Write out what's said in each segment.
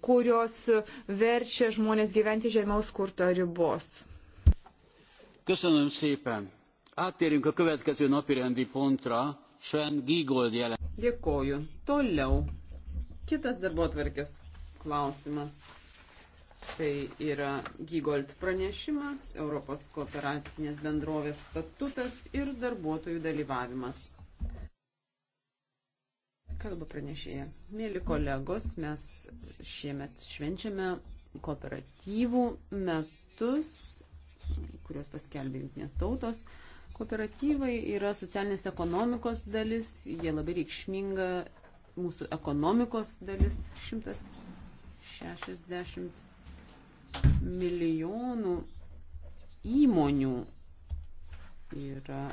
kurios verčia žmonės gyventi žemiaus skurto ribos. Köszönöm szépen. Áttérünk a következő napirendi pontra. Sven Giegold jelen. Dėkoju. Toliau. Kitas darbotvarkės klausimas. Tai yra Gygold pranešimas, Europos kooperatinės bendrovės statutas ir darbuotojų dalyvavimas. Kalba pranešėja. Mėly kolegos, mes šiemet švenčiame kooperatyvų metus, kuriuos paskelbė Junktinės tautos. Kooperatyvai yra socialinės ekonomikos dalis, jie labai reikšminga mūsų ekonomikos dalis 160 milijonų įmonių yra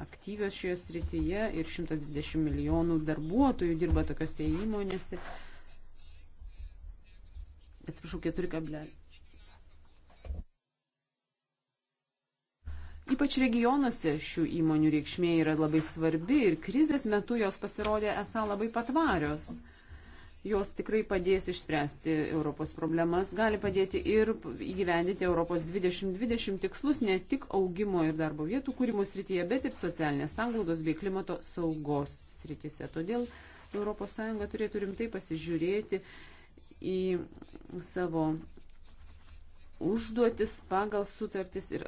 aktyvios šioje srityje ir 120 milijonų darbuotojų dirba tokiuose įmonėse. Atsiprašau, 4 kablelį. Ypač regionuose šių įmonių reikšmė yra labai svarbi ir krizės metu jos pasirodė esą labai patvarios. Jos tikrai padės išspręsti Europos problemas, gali padėti ir įgyvendinti Europos 2020 tikslus ne tik augimo ir darbo vietų kūrimo srityje, bet ir socialinės sanglaudos bei klimato saugos srityse. Todėl ES turėtų rimtai pasižiūrėti į savo užduotis pagal sutartis ir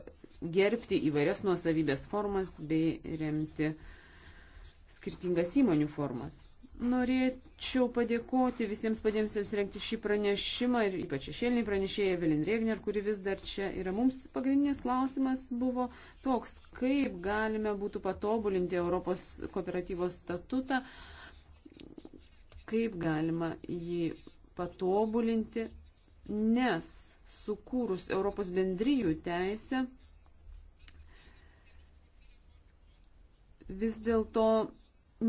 gerbti įvairias nuosavybės formas bei remti skirtingas įmonių formas. Norėčiau padėkoti visiems padėjusiems rengti šį pranešimą ir ypač šešėlinį pranešėją Evelin Regner, kuri vis dar čia yra. Mums pagrindinis klausimas buvo toks, kaip galime būtų patobulinti Europos kooperatyvos statutą, kaip galima jį patobulinti, nes sukūrus Europos bendryjų teisę vis dėlto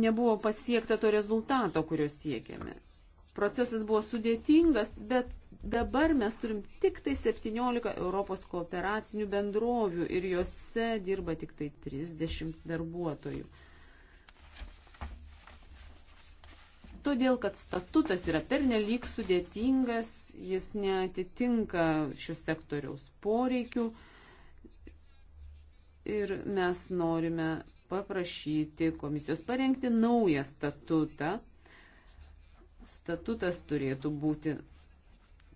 nebuvo pasiekta to rezultato, kurio siekėme. Procesas buvo sudėtingas, bet dabar mes turim tik tai 17 Europos kooperacinių bendrovių ir juose dirba tik tai 30 darbuotojų. Todėl, kad statutas yra pernelyg sudėtingas, jis neatitinka šio sektoriaus poreikių ir mes norime paprašyti komisijos parengti naują statutą. Statutas turėtų būti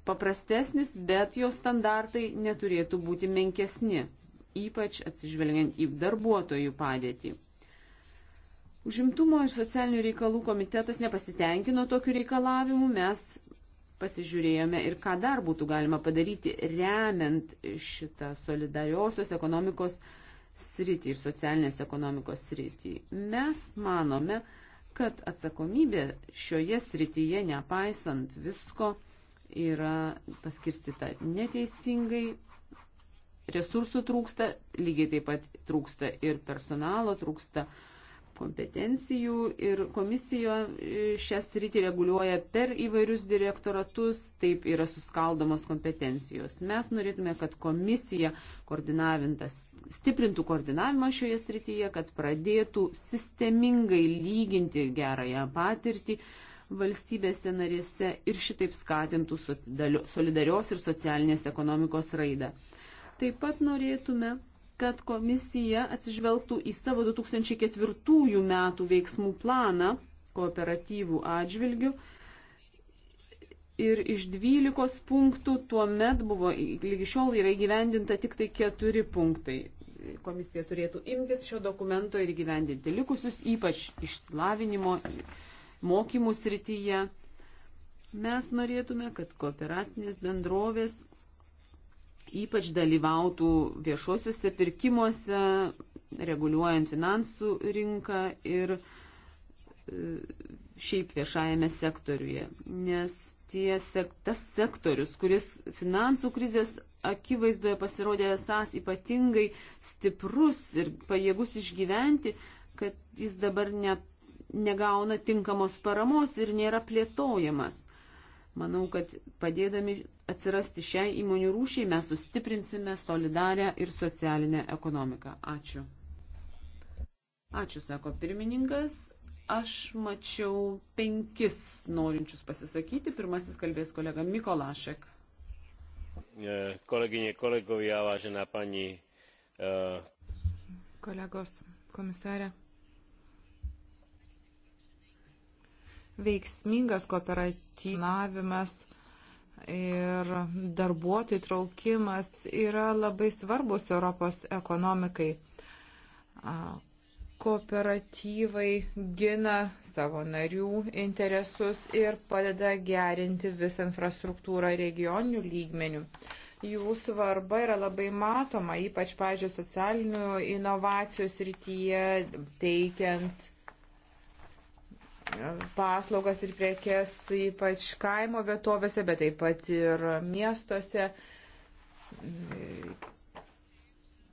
paprastesnis, bet jo standartai neturėtų būti menkesni, ypač atsižvelgiant į darbuotojų padėtį. Užimtumo ir socialinių reikalų komitetas nepasitenkino tokiu reikalavimu, mes pasižiūrėjome ir ką dar būtų galima padaryti, remiant šitą solidariosios ekonomikos uh, sritį ir socialinės ekonomikos sritį. Mes manome, kad atsakomybė šioje srityje, nepaisant visko, yra paskirstita neteisingai, resursų trūksta, lygiai taip pat trūksta ir personalo, trūksta uh, kompetencijų ir komisija e, šią sritį reguliuoja per įvairius direktoratus, taip yra suskaldomos kompetencijos. Mes norėtume, kad komisija koordinavintas stiprintų koordinavimą šioje srityje, kad pradėtų sistemingai lyginti gerąją patirtį valstybėse narėse ir šitaip skatintų solidarios ir socialinės ekonomikos raidą. Taip pat norėtume kad komisija atsižvelgtų į savo 2004 metų veiksmų planą kooperatyvų atžvilgių ir iš 12 punktų tuo met buvo, lygi šiol yra įgyvendinta tik tai 4 punktai. Komisija turėtų imtis šio dokumento ir įgyvendinti likusius, ypač išsilavinimo, mokymų srityje. Mes norėtume, kad kooperatinės bendrovės ypač dalyvautų viešuosiuose pirkimuose, reguliuojant finansų rinką ir e, šiaip viešajame sektoriuje. Nes tie, tas sektorius, kuris finansų krizės akivaizdoje pasirodė esas ypatingai stiprus ir pajėgus išgyventi, kad jis dabar ne, negauna tinkamos paramos ir nėra plėtojamas. Manau, kad padėdami atsirasti šiai įmonių rūšiai, mes sustiprinsime solidarę ir socialinę ekonomiką. Ačiū. Ačiū, sako pirmininkas. Aš mačiau penkis norinčius pasisakyti. Pirmasis kalbės kolega Mikolašek. E, Koleginė, kolegovia, važina pani. Uh... Kolegos, komisarė. Veiksmingas kooperatyvavimas ir darbuotojų traukimas yra labai svarbus Europos ekonomikai. Kooperatyvai gina savo narių interesus ir padeda gerinti visą infrastruktūrą regioninių lygmenių. Jų svarba yra labai matoma, ypač, pažiūrėjau, socialinių inovacijų srityje, teikiant paslaugas ir prekes, ypač kaimo vietovėse, bet taip pat ir miestuose.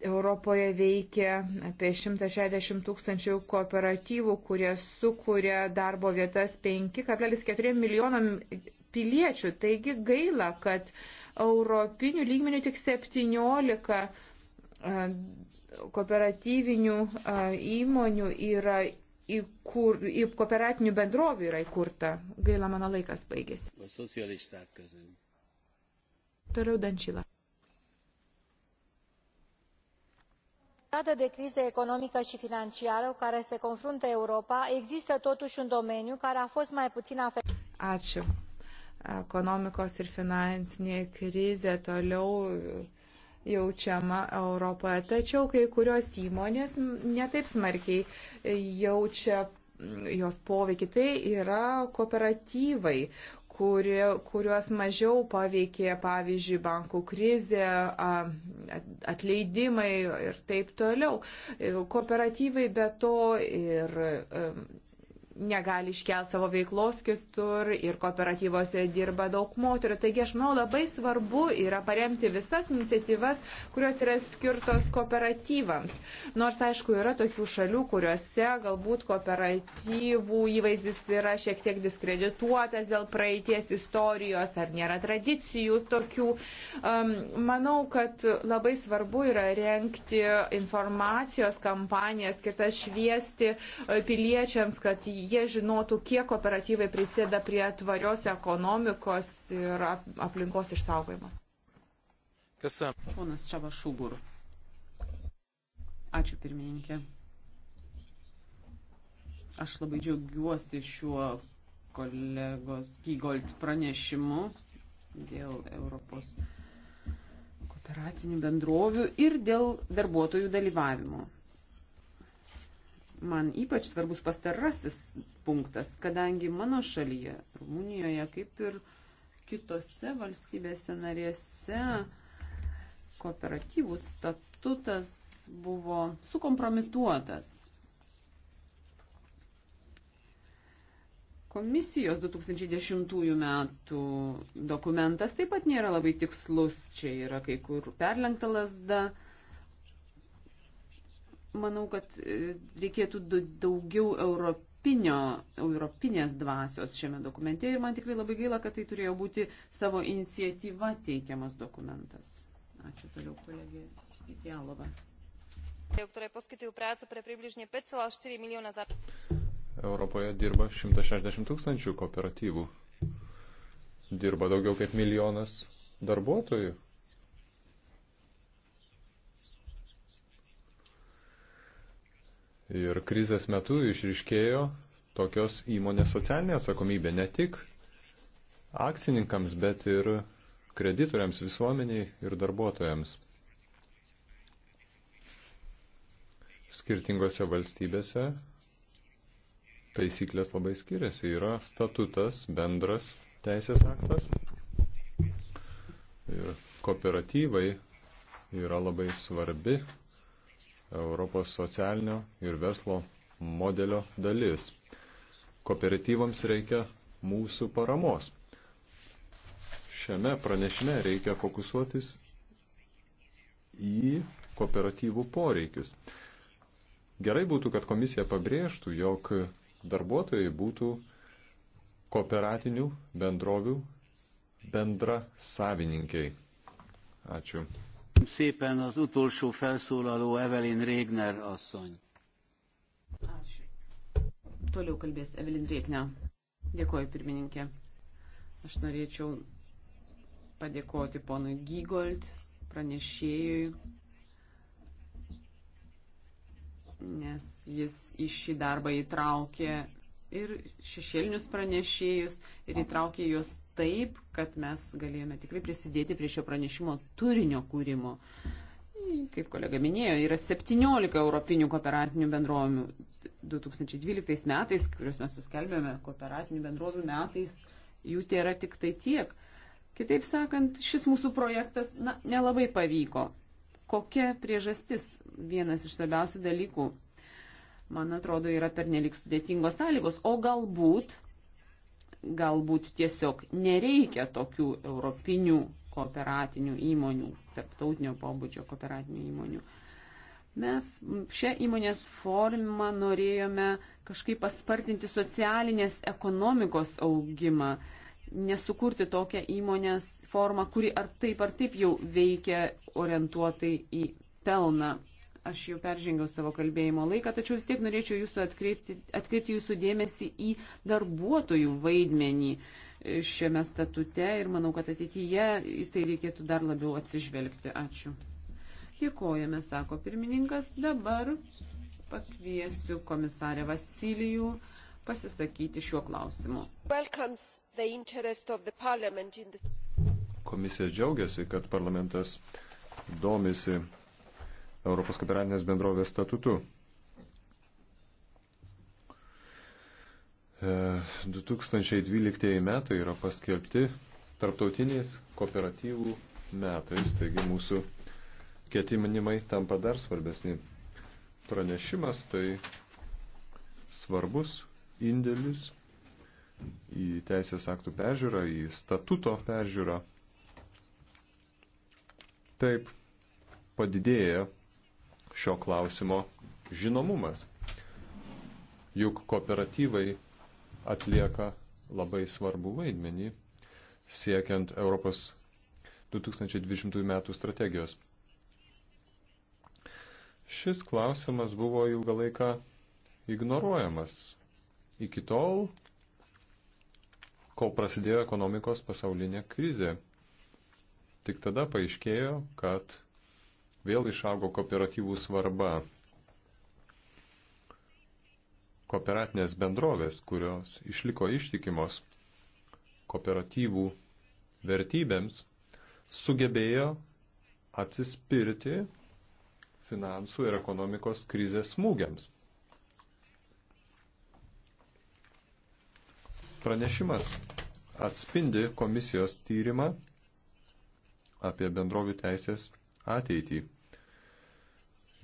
Europoje veikia apie 160 tūkstančių kooperatyvų, kurie sukuria darbo vietas 5,4 milijonam piliečių. Taigi gaila, kad europinių lygmenių tik 17 e, kooperatyvinių e, įmonių yra į, kur, į kooperatinių bendrovių yra įkurta. Gaila, mano laikas baigėsi. Toliau Dančila. perioadă de criză economică și financiară cu care se confruntă europa există totuși un domeniu care a fost mai puțin afectat ekonomikos ir finansinė krizė toliau jaučiama Europoje. Tačiau kai kurios įmonės netaip smarkiai jaučia jos poveikį. Tai yra kooperatyvai, kuri, kuriuos mažiau paveikė, pavyzdžiui, bankų krizė, atleidimai ir taip toliau. Kooperatyvai be to ir negali iškelti savo veiklos kitur ir kooperatyvose dirba daug moterų. Taigi aš manau labai svarbu yra paremti visas iniciatyvas, kurios yra skirtos kooperatyvams. Nors aišku yra tokių šalių, kuriuose galbūt kooperatyvų įvaizdis yra šiek tiek diskredituotas dėl praeities istorijos ar nėra tradicijų tokių. Um, manau, kad labai svarbu yra renkti informacijos kampaniją skirtas šviesti piliečiams, kad jie jie žinotų, kiek kooperatyvai prisėda prie tvarios ekonomikos ir aplinkos išsaugojimo. Kas? Ponas Čabas Šubur. Ačiū pirmininkė. Aš labai džiaugiuosi šiuo kolegos Gygolt pranešimu dėl Europos kooperatinių bendrovių ir dėl darbuotojų dalyvavimo. Man ypač svarbus pastarasis punktas, kadangi mano šalyje, Rumunijoje, kaip ir kitose valstybėse narėse, kooperatyvų statutas buvo sukompromituotas. Komisijos 2010 metų dokumentas taip pat nėra labai tikslus, čia yra kai kur perlenkta lasda manau, kad e, reikėtų daugiau europinio, europinės dvasios šiame dokumente ir man tikrai labai gaila, kad tai turėjo būti savo iniciatyva teikiamas dokumentas. Ačiū toliau, kolegė Dialova. Ktoré poskytujú prácu pre približne 5,4 milióna za... Europoje dirba 160 tūkstančių kooperatyvų. Dirba daugiau kaip milijonas darbuotojų. Ir krizės metu išriškėjo tokios įmonės socialinė atsakomybė ne tik akcininkams, bet ir kreditoriams, visuomeniai ir darbuotojams. Skirtingose valstybėse taisyklės labai skiriasi. Yra statutas, bendras teisės aktas. Ir kooperatyvai yra labai svarbi Europos socialinio ir verslo modelio dalis. Kooperatyvams reikia mūsų paramos. Šiame pranešime reikia fokusuotis į kooperatyvų poreikius. Gerai būtų, kad komisija pabrėžtų, jog darbuotojai būtų kooperatinių bendrovių bendra savininkiai. Ačiū. Szépen az utolsó felszólaló Evelyn Régner asszony. Ačiū. Toliau kalbės Evelyn Rėkne. Dėkoju, pirmininkė. Aš norėčiau padėkoti ponui Gygold, pranešėjui, nes jis į šį darbą įtraukė ir šešėlinius pranešėjus ir įtraukė juos taip, kad mes galėjome tikrai prisidėti prie šio pranešimo turinio kūrimo. Kaip kolega minėjo, yra 17 europinių kooperatinių bendrovių. 2012 metais, kuriuos mes paskelbėme kooperatinių bendrovių metais, jų tėra tik tai tiek. Kitaip sakant, šis mūsų projektas na, nelabai pavyko. Kokia priežastis? Vienas iš svarbiausių dalykų, man atrodo, yra pernelik sudėtingos sąlygos, o galbūt galbūt tiesiog nereikia tokių europinių kooperatinių įmonių, tarptautinio pobūdžio kooperatinių įmonių. Mes šią įmonės formą norėjome kažkaip paspartinti socialinės ekonomikos augimą, nesukurti tokią įmonės formą, kuri ar taip ar taip jau veikia orientuotai į pelną aš jau peržengiau savo kalbėjimo laiką, tačiau vis tiek norėčiau jūsų atkreipti, atkreipti jūsų dėmesį į darbuotojų vaidmenį šiame statute ir manau, kad ateityje į tai reikėtų dar labiau atsižvelgti. Ačiū. Dėkojame, sako pirmininkas. Dabar pakviesiu komisarę Vasilijų pasisakyti šiuo klausimu. Komisija džiaugiasi, kad parlamentas domisi Europos kooperatinės bendrovės statutu. 2012 e, metai yra paskelbti tarptautiniais kooperatyvų metais, taigi mūsų ketinimai tampa dar svarbesni. Pranešimas tai svarbus indėlis į teisės aktų peržiūrą, į statuto peržiūrą. Taip padidėja šio klausimo žinomumas. Juk kooperatyvai atlieka labai svarbų vaidmenį siekiant Europos 2020 m. strategijos. Šis klausimas buvo ilgą laiką ignoruojamas. Iki tol, kol prasidėjo ekonomikos pasaulinė krizė. Tik tada paaiškėjo, kad vėl išaugo kooperatyvų svarba. Kooperatinės bendrovės, kurios išliko ištikimos kooperatyvų vertybėms, sugebėjo atsispirti finansų ir ekonomikos krizės smūgiams. Pranešimas atspindi komisijos tyrimą apie bendrovių teisės ateitį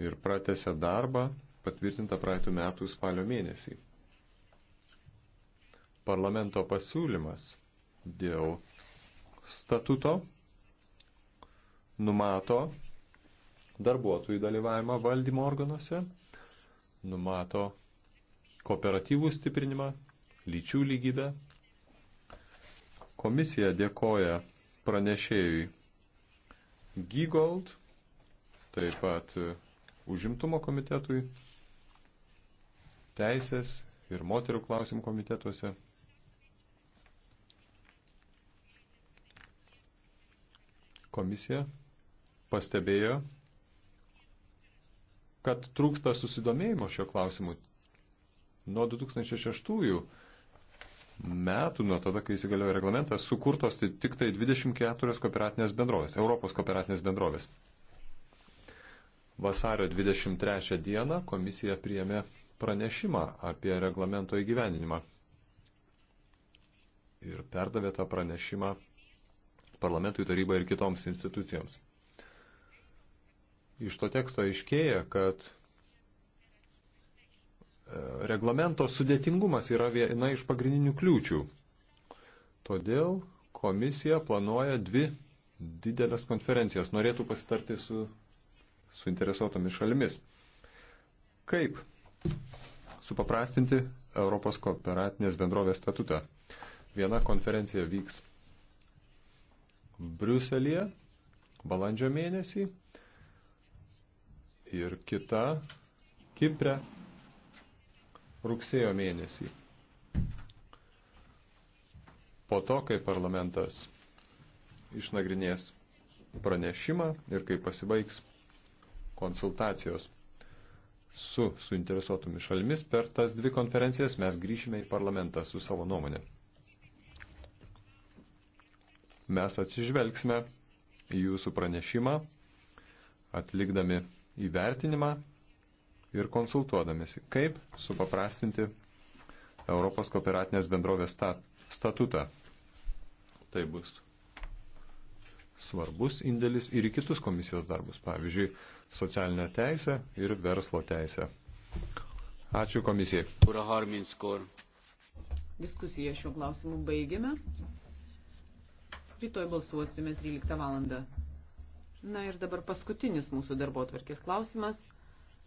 ir pratęsė darbą patvirtintą praeitų metų spalio mėnesį. Parlamento pasiūlymas dėl statuto numato darbuotojų dalyvavimą valdymo organuose, numato kooperatyvų stiprinimą, lyčių lygybę. Komisija dėkoja pranešėjui Gygold, taip pat užimtumo komitetui, teisės ir moterų klausimų komitetuose. Komisija pastebėjo, kad trūksta susidomėjimo šio klausimu. Nuo 2006 metų, nuo tada, kai įsigaliojo reglamentas, sukurtos tik tai 24 kooperatinės bendrovės, Europos kooperatinės bendrovės. Vasario 23 dieną komisija priėmė pranešimą apie reglamento įgyvendinimą ir perdavė tą pranešimą parlamentui tarybai ir kitoms institucijoms. Iš to teksto aiškėja, kad e, reglamento sudėtingumas yra viena iš pagrindinių kliūčių. Todėl komisija planuoja dvi didelės konferencijas. Norėtų pasitarti su suinteresuotomis šalimis. Kaip supaprastinti Europos kooperatinės bendrovės statutą? Viena konferencija vyks Briuselėje balandžio mėnesį ir kita Kipre rugsėjo mėnesį. Po to, kai parlamentas išnagrinės pranešimą ir kai pasibaigs konsultacijos su suinteresuotomis šalimis. Per tas dvi konferencijas mes grįšime į parlamentą su savo nuomonė. Mes atsižvelgsime į jūsų pranešimą, atlikdami įvertinimą ir konsultuodamėsi, kaip supaprastinti Europos kooperatinės bendrovės statutą. Tai bus svarbus indėlis ir į kitus komisijos darbus, pavyzdžiui, socialinę teisę ir verslo teisę. Ačiū komisijai. Diskusiją šiuo klausimu baigėme. Rytoj balsuosime 13 val. Na ir dabar paskutinis mūsų darbo atvarkės klausimas.